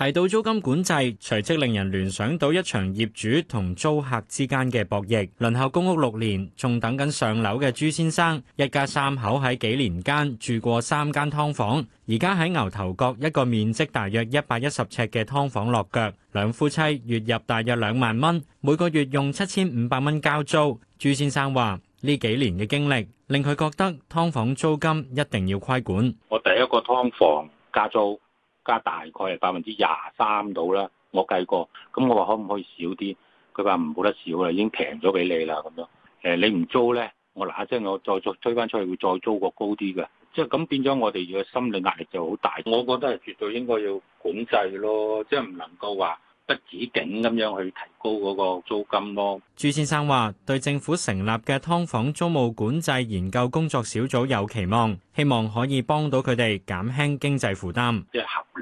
提到租金管制，隨即令人聯想到一場業主同租客之間嘅博弈。輪候公屋六年，仲等緊上樓嘅朱先生一家三口喺幾年間住過三間劏房，而家喺牛頭角一個面積大約一百一十尺嘅劏房落腳，兩夫妻月入大約兩萬蚊，每個月用七千五百蚊交租。朱先生話：呢幾年嘅經歷令佢覺得劏房租金一定要規管。我第一個劏房加租。加大概係百分之廿三到啦，我計過，咁我話可唔可以少啲？佢話唔好得少啦，已經平咗俾你啦咁樣。誒，你唔租咧，我嗱一聲我再再推翻出去，會再租個高啲嘅。即係咁變咗，我哋嘅心理壓力就好大。我覺得係絕對應該要管制咯，即係唔能夠話不止境咁樣去提高嗰個租金咯。朱先生話：對政府成立嘅劏房租務管制研究工作小組有期望，希望可以幫到佢哋減輕經濟負擔。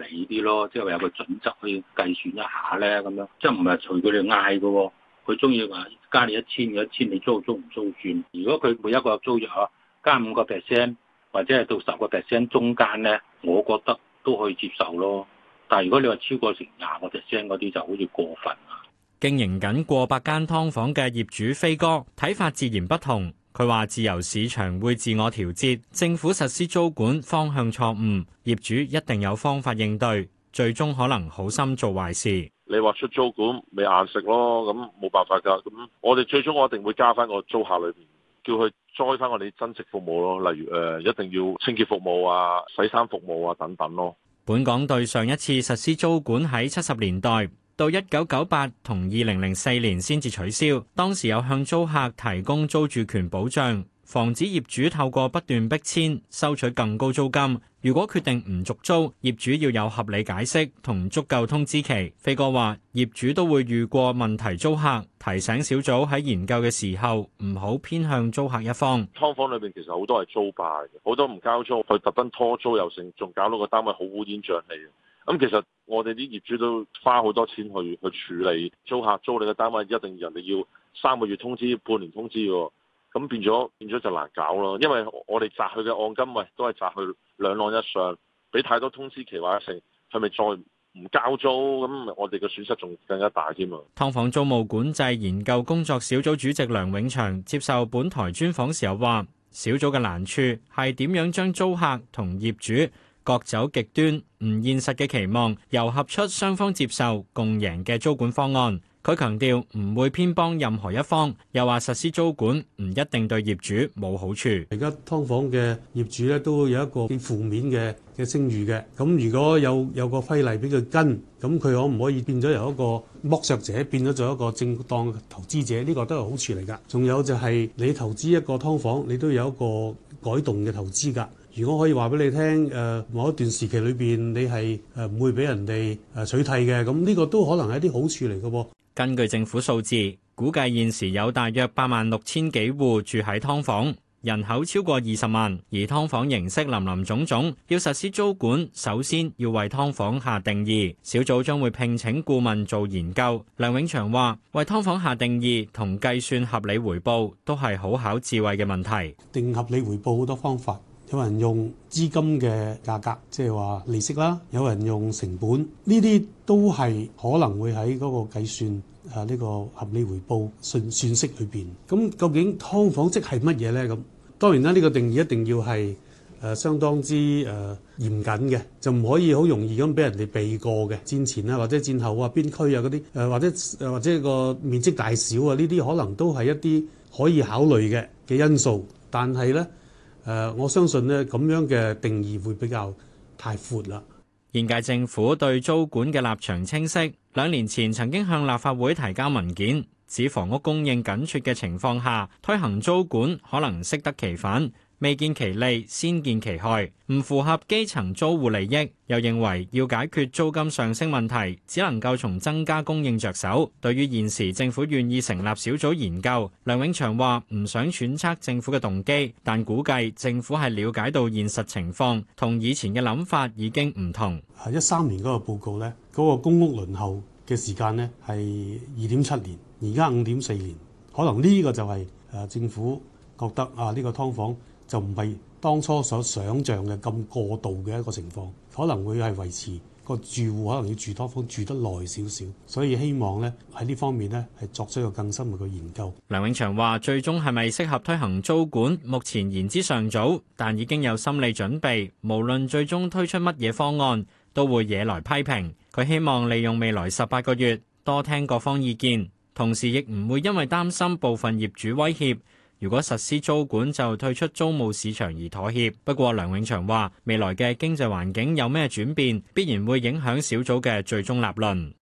係啲咯，即係話有個準則去計算一下咧咁樣，即係唔係隨佢哋嗌㗎喎。佢中意話加你一千，一千你租租唔租算。如果佢每一個租約啊，加五個 percent，或者係到十個 percent 中間咧，我覺得都可以接受咯。但係如果你話超過成廿個 percent 嗰啲，就好似過分啊。經營緊過百間劏房嘅業主飛哥睇法自然不同。佢話：自由市場會自我調節，政府實施租管方向錯誤，業主一定有方法應對，最終可能好心做壞事。你話出租管咪硬食咯，咁冇辦法㗎。咁我哋最終我一定會加返個租客裏面，叫佢栽返我哋增值服務咯，例如誒一定要清潔服務啊、洗衫服務啊等等咯。本港對上一次實施租管喺七十年代。到一九九八同二零零四年先至取消，當時有向租客提供租住權保障，防止業主透過不斷逼遷收取更高租金。如果決定唔續租，業主要有合理解釋同足夠通知期。飛哥話業主都會遇過問題租客，提醒小組喺研究嘅時候唔好偏向租客一方。劏房裏邊其實好多係租霸嘅，好多唔交租，佢特登拖租又成，仲搞到個單位好烏煙瘴氣。咁其實我哋啲業主都花好多錢去去處理租客租你嘅單位，一定人哋要三個月通知、半年通知㗎，咁變咗變咗就難搞咯。因為我哋砸佢嘅按金，咪都係砸佢兩浪一上，俾太多通知期，話成係咪再唔交租，咁我哋嘅損失仲更加大添嘛。劏房租務管制研究工作小組主席梁永祥接受本台專訪時候話，小組嘅難處係點樣將租客同業主各走極端唔現實嘅期望，揉合出雙方接受共贏嘅租管方案。佢強調唔會偏幫任何一方，又話實施租管唔一定對業主冇好處。而家劏房嘅業主咧都有一個負面嘅嘅聲譽嘅，咁如果有有個規例俾佢跟，咁佢可唔可以變咗由一個剝削者變咗做一個正當投資者？呢個都係好處嚟㗎。仲有就係你投資一個劏房，你都有一個改動嘅投資㗎。如果可以話俾你聽，誒某一段時期裏邊，你係誒唔會俾人哋誒取締嘅，咁呢個都可能係一啲好處嚟嘅。根據政府數字，估計現時有大約八萬六千幾戶住喺劏房，人口超過二十萬，而劏房形式林林總總。要實施租管，首先要為劏房下定義。小組將會聘請顧問做研究。梁永祥話：為劏房下定義同計算合理回報，都係好考智慧嘅問題。定合理回報好多方法。有人用資金嘅價格，即係話利息啦；有人用成本，呢啲都係可能會喺嗰個計算啊呢個合理回報算算式裏邊。咁究竟劏房即係乜嘢呢？咁當然啦，呢個定義一定要係誒、呃、相當之誒、呃、嚴謹嘅，就唔可以好容易咁俾人哋避過嘅。戰前啊，或者戰後啊，邊區啊嗰啲誒，或者誒、呃、或者個面積大小啊，呢啲可能都係一啲可以考慮嘅嘅因素，但係呢。誒，我相信呢，咁樣嘅定義會比較太闊啦。現屆政府對租管嘅立場清晰，兩年前曾經向立法會提交文件，指房屋供應緊缺嘅情況下推行租管可能適得其反。未見其利先見其害，唔符合基層租戶利益。又認為要解決租金上升問題，只能夠從增加供應着手。對於現時政府願意成立小組研究，梁永祥話唔想揣測政府嘅動機，但估計政府係了解到現實情況，同以前嘅諗法已經唔同。啊，一三年嗰個報告呢，嗰個公屋輪候嘅時間呢，係二點七年，而家五點四年，可能呢個就係誒政府覺得啊，呢、這個劏房，就唔係當初所想像嘅咁過度嘅一個情況，可能會係維持個住戶可能要住劏房住得耐少少，所以希望呢喺呢方面呢係作出一個更深入嘅研究。梁永祥話：最終係咪適合推行租管？目前言之尚早，但已經有心理準備。無論最終推出乜嘢方案，都會惹來批評。佢希望利用未來十八個月多聽各方意見，同時亦唔會因為擔心部分業主威脅，如果實施租管，就退出租務市場而妥協。不過梁永祥話，未來嘅經濟環境有咩轉變，必然會影響小組嘅最終立論。